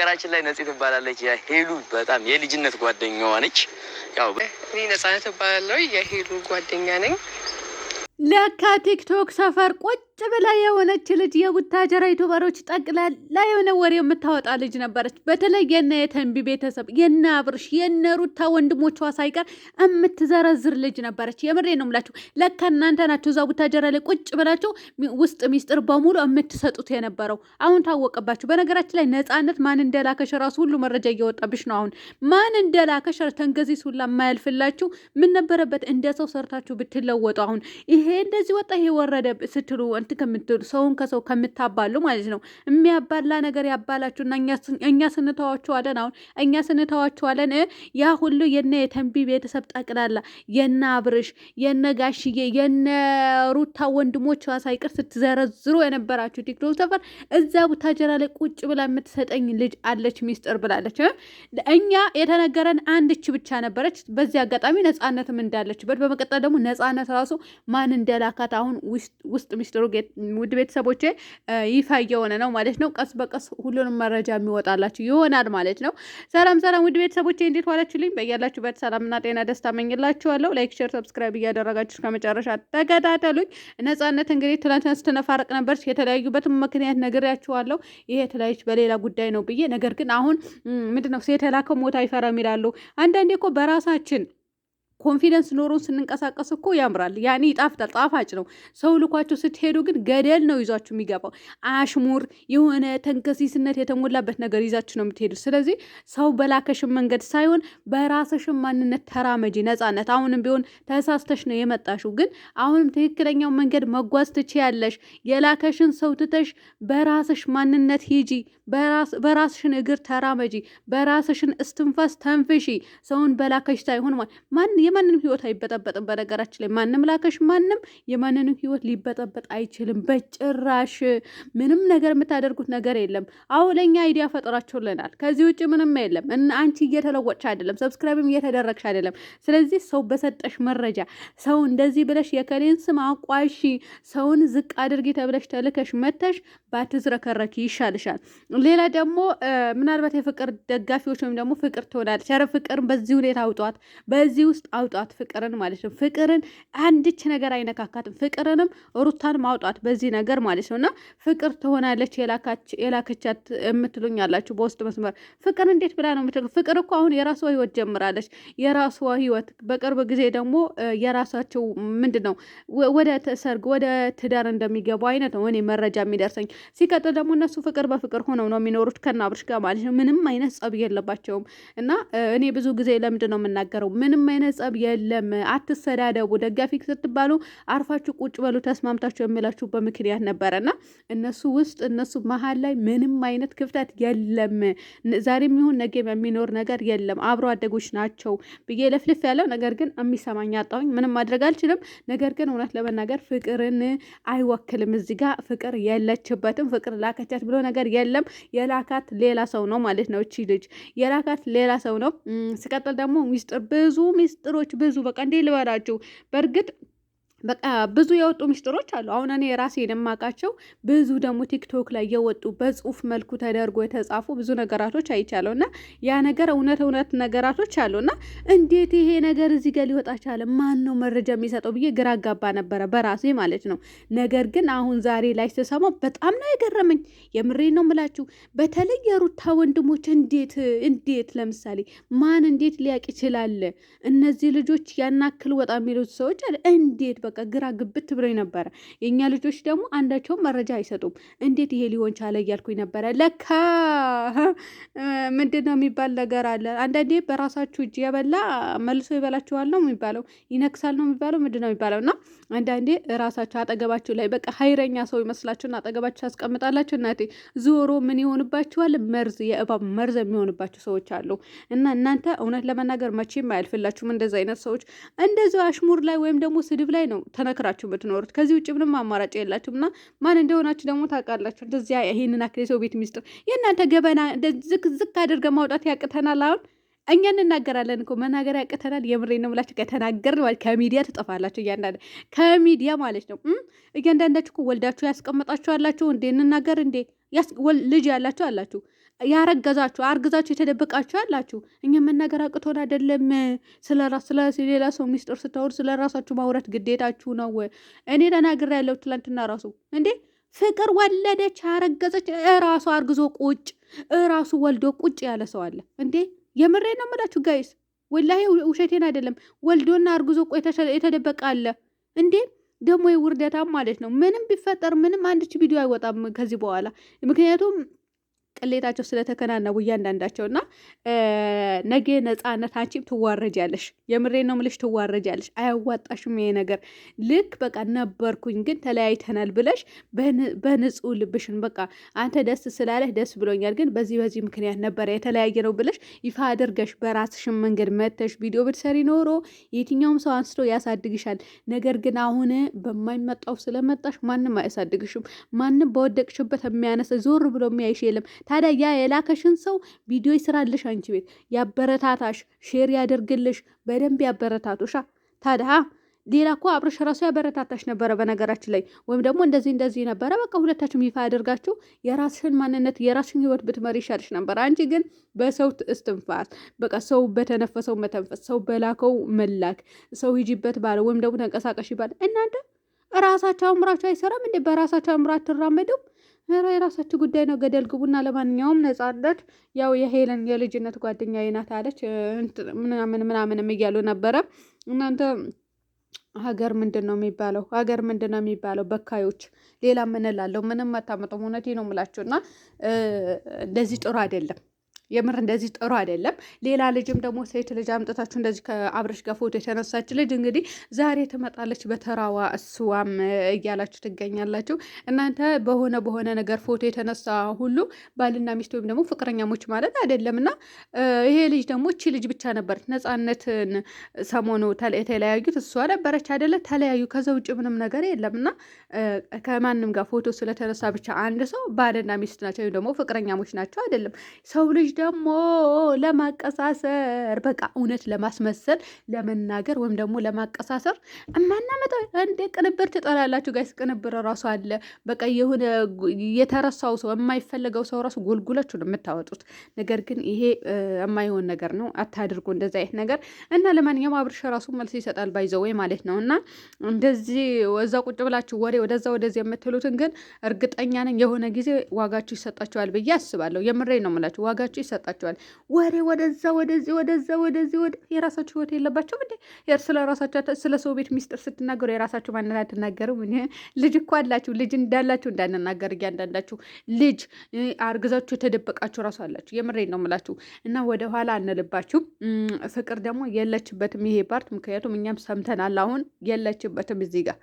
በነገራችን ላይ ነጽ ትባላለች። የሄሉ በጣም የልጅነት ጓደኛዋ ነች። ያው እኔ ነጻነት እባላለሁ የሄሉ ጓደኛ ነኝ። ለካ ቲክቶክ ሰፈር ቁጭ ቁጭ በላይ የሆነች ልጅ የቡታጀራ ዩቱበሮች ጠቅላላ የሆነ ወሬ የምታወጣ ልጅ ነበረች። በተለይ የነ የተንቢ ቤተሰብ የነ አብርሽ የነ ሩታ ወንድሞቿ ሳይቀር የምትዘረዝር ልጅ ነበረች። የምሬ ነው ምላችሁ። ለካ እናንተ ናችሁ እዛ ቡታጀራ ላይ ቁጭ ብላችሁ ውስጥ ሚስጥር በሙሉ የምትሰጡት የነበረው። አሁን ታወቀባችሁ። በነገራችን ላይ ነፃነት ማን እንደላከሽ ራሱ ሁሉ መረጃ እየወጣብሽ ነው። አሁን ማን እንደላከሽ ተንገዚ ሁላ የማያልፍላችሁ ምን ነበረበት እንደ ሰው ሰርታችሁ ብትለወጡ። አሁን ይሄ እንደዚህ ወጣ ይሄ ወረደ ስትሉ ከብት ከምትሉ ሰውን ከሰው ከምታባሉ ማለት ነው። የሚያባላ ነገር እና እኛ ስንተዋችኋለን። አሁን እኛ ስንተዋችኋለን። ያ ሁሉ የነ የተንቢ ቤተሰብ ጠቅላላ የነ አብርሽ፣ የነ ጋሽዬ፣ የነ ሩታ ወንድሞች ሳይቀር ስትዘረዝሩ የነበራችሁ ቲክቶክ ሰፈር እዛ ቡታጀራ ላይ ቁጭ ብላ የምትሰጠኝ ልጅ አለች ሚስጥር ብላለች። እኛ የተነገረን አንድች ብቻ ነበረች። በዚህ አጋጣሚ ነጻነትም እንዳለችበት በመቀጠል ደግሞ ነጻነት ራሱ ማን እንደላካት አሁን ውስጥ ሚስጥሩ ውድ ቤተሰቦቼ ይፋ እየሆነ ነው ማለት ነው። ቀስ በቀስ ሁሉንም መረጃ የሚወጣላችሁ ይሆናል ማለት ነው። ሰላም ሰላም፣ ውድ ቤተሰቦቼ እንዴት ዋላችሁልኝ? በያላችሁበት ሰላምና ጤና ደስታ መኝላችኋለሁ። ላይክ፣ ሼር፣ ሰብስክራይብ እያደረጋችሁ እስከ መጨረሻ ተከታተሉኝ። ነጻነት እንግዲህ ትናንትና ስትነፋረቅ ነበረች። የተለያዩበትም ምክንያት ነግሬያችኋለሁ። ይሄ የተለያዩት በሌላ ጉዳይ ነው ብዬ ነገር ግን አሁን ምንድነው ሴት የላከው ሞት አይፈራም ይላሉ። አንዳንዴ እኮ በራሳችን ኮንፊደንስ ኖሮን ስንንቀሳቀስ እኮ ያምራል። ያኔ ይጣፍጣል፣ ጣፋጭ ነው። ሰው ልኳቸው ስትሄዱ ግን ገደል ነው ይዟችሁ የሚገባው። አሽሙር የሆነ ተንከሲስነት የተሞላበት ነገር ይዛችሁ ነው የምትሄዱ። ስለዚህ ሰው በላከሽን መንገድ ሳይሆን በራስሽን ማንነት ተራመጂ። ነጻነት። አሁንም ቢሆን ተሳስተሽ ነው የመጣሽው፣ ግን አሁንም ትክክለኛው መንገድ መጓዝ ትችያለሽ። የላከሽን ሰው ትተሽ በራስሽ ማንነት ሂጂ። በራስሽን እግር ተራመጂ። በራስሽን እስትንፋስ ተንፍሺ። ሰውን በላከሽ ሳይሆን ማን የማንንም ህይወት አይበጠበጥም። በነገራችን ላይ ማንም ላከሽ ማንም የማንንም ህይወት ሊበጠበጥ አይችልም በጭራሽ። ምንም ነገር የምታደርጉት ነገር የለም። አሁ ለእኛ አይዲያ ፈጥራችሁልናል። ከዚህ ውጭ ምንም የለም። እና አንቺ እየተለወጥሽ አይደለም፣ ሰብስክራይብም እየተደረግሽ አይደለም። ስለዚህ ሰው በሰጠሽ መረጃ ሰው እንደዚህ ብለሽ የከሌን ስም አቋሺ ሰውን ዝቅ አድርጊ ተብለሽ ተልከሽ መተሽ ባትዝረከረኪ ይሻልሻል። ሌላ ደግሞ ምናልባት የፍቅር ደጋፊዎች ወይም ደግሞ ፍቅር ትሆናለች። ኧረ ፍቅርን በዚህ ሁኔታ አውጧት፣ በዚህ ውስጥ አውጧት ፍቅርን ማለት ነው። ፍቅርን አንድች ነገር አይነካካትም። ፍቅርንም ሩታን ማውጧት በዚህ ነገር ማለት ነው። እና ፍቅር ትሆናለች የላከቻት የምትሉኝ አላችሁ በውስጥ መስመር። ፍቅር እንዴት ብላ ነው የምትለው? ፍቅር እኮ አሁን የራሷ ህይወት ጀምራለች። የራሷ ህይወት በቅርብ ጊዜ ደግሞ የራሳቸው ምንድን ነው ወደ ሰርግ ወደ ትዳር እንደሚገቡ አይነት ነው እኔ መረጃ የሚደርሰኝ። ሲቀጥል ደግሞ እነሱ ፍቅር በፍቅር ሆነው ነው የሚኖሩት ከና ጋር ማለት ነው። ምንም አይነት ጸብ የለባቸውም። እና እኔ ብዙ ጊዜ ለምንድን ነው የምናገረው ምንም አይነት ጸብ የለም። አትሰዳደቡ፣ ደጋፊ ስትባሉ አርፋችሁ ቁጭ በሉ ተስማምታችሁ የሚላችሁ በምክንያት ነበረና እነሱ ውስጥ እነሱ መሀል ላይ ምንም አይነት ክፍተት የለም። ዛሬም ይሁን ነገም የሚኖር ነገር የለም። አብሮ አደጎች ናቸው ብዬ ለፍልፍ ያለው ነገር ግን የሚሰማኝ አጣሁኝ። ምንም ማድረግ አልችልም። ነገር ግን እውነት ለመናገር ፍቅርን አይወክልም። እዚህ ጋ ፍቅር የለችበትም። ፍቅር ላከቻት ብሎ ነገር የለም። የላካት ሌላ ሰው ነው ማለት ነው። እቺ ልጅ የላካት ሌላ ሰው ነው። ሲቀጥል ደግሞ ሚስጥር ብዙ ሚስጥሮ ነገሮች ብዙ በቃ እንዴ ልበላችሁ በእርግጥ በቃ ብዙ የወጡ ምስጢሮች አሉ። አሁን እኔ ራሴ የደማቃቸው ብዙ ደግሞ ቲክቶክ ላይ የወጡ በጽሁፍ መልኩ ተደርጎ የተጻፉ ብዙ ነገራቶች አይቻለሁ እና ያ ነገር እውነት እውነት ነገራቶች አሉ እና እንዴት ይሄ ነገር እዚህ ጋር ሊወጣ ቻለ? ማን ነው መረጃ የሚሰጠው ብዬ ግራ ጋባ ነበረ በራሴ ማለት ነው። ነገር ግን አሁን ዛሬ ላይ ስሰማው በጣም ነው የገረመኝ። የምሬ ነው ምላችሁ። በተለይ የሩታ ወንድሞች እንዴት እንዴት ለምሳሌ ማን እንዴት ሊያቅ ይችላል? እነዚህ ልጆች ያናክል ወጣ የሚሉት ሰዎች አለ እንዴት በቃ ግራ ግብት ብሎኝ ነበረ። የእኛ ልጆች ደግሞ አንዳቸውም መረጃ አይሰጡም። እንዴት ይሄ ሊሆን ቻለ እያልኩኝ ነበረ። ለካ ምንድን ነው የሚባል ነገር አለ። አንዳንዴ በራሳችሁ እጅ የበላ መልሶ ይበላችኋል ነው የሚባለው፣ ይነክሳል ነው የሚባለው፣ ምንድን ነው የሚባለው እና አንዳንዴ ራሳችሁ አጠገባችሁ ላይ በቃ ሀይረኛ ሰው ይመስላችሁና አጠገባችሁ ታስቀምጣላችሁ። እናቴ ዞሮ ምን ይሆንባችኋል? መርዝ፣ የእባብ መርዝ የሚሆንባችሁ ሰዎች አሉ። እና እናንተ እውነት ለመናገር መቼም አያልፍላችሁም እንደዚ አይነት ሰዎች እንደዚ አሽሙር ላይ ወይም ደግሞ ስድብ ላይ ነው ነው ተነክራችሁ የምትኖሩት። ከዚህ ውጭ ምንም አማራጭ የላችሁም እና ማን እንደሆናችሁ ደግሞ ታውቃላችሁ። እንደዚያ ይሄንን አክል የሰው ቤት ሚስጥር የእናንተ ገበና ዝክ ዝክ አድርገ ማውጣት ያቅተናል አሁን እኛ እንናገራለን እኮ መናገር ያቅተናል። የምሬ ነው ብላችሁ ከተናገር ከሚዲያ ትጠፋላችሁ። እያንዳንድ ከሚዲያ ማለት ነው። እያንዳንዳችሁ ወልዳችሁ ያስቀመጣችሁ እንዴ? እንናገር እንዴ? ልጅ ያላችሁ አላችሁ ያረገዛችሁ አርግዛችሁ የተደበቃችሁ ያላችሁ እኛ መናገር አቅቶን አይደለም። ስለ ሌላ ሰው ሚስጥር ስታወር ስለ ራሳችሁ ማውረት ግዴታችሁ ነው። እኔ ተናግሬ ያለው ትላንትና ራሱ እንዴ ፍቅር ወለደች አረገዘች፣ እራሱ አርግዞ ቁጭ እራሱ ወልዶ ቁጭ ያለ ሰው አለ እንዴ። የምሬ ነው የምላችሁ ጋይስ፣ ወላሂ ውሸቴን አይደለም። ወልዶና አርግዞ የተደበቀ አለ እንዴ። ደግሞ የውርደታም ማለት ነው። ምንም ቢፈጠር ምንም አንድች ቪዲዮ አይወጣም ከዚህ በኋላ ምክንያቱም ቅሌታቸው ስለተከናነቡ እያንዳንዳቸው እና ነገ ነፃነት አንቺም ትዋረጃለሽ። የምሬ ነው ምልሽ ትዋረጃለሽ። አያዋጣሽም ይሄ ነገር። ልክ በቃ ነበርኩኝ ግን ተለያይተናል ብለሽ በንጹህ ልብሽን በቃ አንተ ደስ ስላለህ ደስ ብሎኛል፣ ግን በዚህ በዚህ ምክንያት ነበረ የተለያየ ነው ብለሽ ይፋ አድርገሽ በራስሽን መንገድ መተሽ ቪዲዮ ብትሰሪ ኖሮ የትኛውም ሰው አንስቶ ያሳድግሻል። ነገር ግን አሁን በማይመጣው ስለመጣሽ ማንም አያሳድግሽም። ማንም በወደቅሽበት የሚያነሳ ዞር ብሎ የሚያይሽ የለም። ታዲያ ያ የላከሽን ሰው ቪዲዮ ይስራልሽ፣ አንቺ ቤት ያበረታታሽ፣ ሼር ያደርግልሽ፣ በደንብ ያበረታቶሻ። ታዲያ ሌላ እኮ አብረሽ ራሱ ያበረታታሽ ነበረ፣ በነገራችን ላይ ወይም ደግሞ እንደዚህ እንደዚህ ነበረ። በቃ ሁለታችሁም ይፋ ያደርጋችሁ የራስሽን ማንነት የራስሽን ህይወት ብትመሪ ይሻልሽ ነበር። አንቺ ግን በሰው እስትንፋስ፣ በቃ ሰው በተነፈሰው መተንፈስ፣ ሰው በላከው መላክ፣ ሰው ሂጂበት ባለ ወይም ደግሞ ተንቀሳቀሽ ይባል። እናንተ ራሳቸው አምራችሁ አይሰራም እንዴ? በራሳቸው አምራ አትራመዱም? ኧረ የራሳችሁ ጉዳይ ነው፣ ገደል ግቡና። ለማንኛውም ነጻነት ያው የሄለን የልጅነት ጓደኛዬ ናት አለች ምናምን ምናምንም እያሉ ነበረ እናንተ ሀገር ምንድን ነው የሚባለው? ሀገር ምንድን ነው የሚባለው? በካዮች ሌላ ምን እላለሁ? ምንም አታመጡም። እውነቴ ነው የምላችሁ እና እንደዚህ ጥሩ አይደለም። የምር እንደዚህ ጥሩ አይደለም። ሌላ ልጅም ደግሞ ሴት ልጅ አምጥታችሁ እንደዚህ ከአብረሽ ጋር ፎቶ የተነሳች ልጅ እንግዲህ ዛሬ ትመጣለች በተራዋ እሱዋም እያላችሁ ትገኛላችሁ እናንተ። በሆነ በሆነ ነገር ፎቶ የተነሳ ሁሉ ባልና ሚስት ወይም ደግሞ ፍቅረኛሞች ማለት አይደለም። እና ይሄ ልጅ ደግሞ እቺ ልጅ ብቻ ነበር ነፃነትን ሰሞኑ የተለያዩት እሷ ነበረች አይደለ? ተለያዩ። ከዛ ውጭ ምንም ነገር የለም። እና ከማንም ጋር ፎቶ ስለተነሳ ብቻ አንድ ሰው ባልና ሚስት ናቸው ወይም ደግሞ ፍቅረኛሞች ናቸው አይደለም ሰው ልጅ ደግሞ ለማቀሳሰር በቃ እውነት ለማስመሰል ለመናገር ወይም ደግሞ ለማቀሳሰር እማናመጣ እንደ ቅንብር ትጠላላችሁ ጋይስ። ቅንብር ራሱ አለ። በቃ የሆነ የተረሳው ሰው የማይፈለገው ሰው ራሱ ጎልጉላችሁ ነው የምታወጡት። ነገር ግን ይሄ የማይሆን ነገር ነው። አታድርጉ እንደዚ አይነት ነገር እና ለማንኛውም አብርሽ ራሱ መልስ ይሰጣል ባይዘወይ ማለት ነው። እና እንደዚህ እዛ ቁጭ ብላችሁ ወሬ ወደዛ ወደዚህ የምትሉትን ግን እርግጠኛ ነኝ የሆነ ጊዜ ዋጋችሁ ይሰጣችኋል ብዬ አስባለሁ። የምሬ ነው የምላችሁ ዋጋችሁ ይሰጣቸዋል። ወሬ ወደዛ ወደዚህ ወደዛ ወደዚህ ወደ የራሳችሁ ህይወት የለባቸውም እንዴ? ስለ ራሳቸው ስለ ሰው ቤት ሚስጥር ስትናገሩ የራሳችሁ ማንን አትናገርም? ልጅ እኮ አላችሁ። ልጅ እንዳላችሁ እንዳንናገር እያንዳንዳችሁ ልጅ አርግዛችሁ የተደበቃችሁ ራሱ አላችሁ። የምሬን ነው የምላችሁ እና ወደኋላ አንልባችሁ። ፍቅር ደግሞ የለችበትም ይሄ ፓርት፣ ምክንያቱም እኛም ሰምተናል። አሁን የለችበትም እዚህ ጋር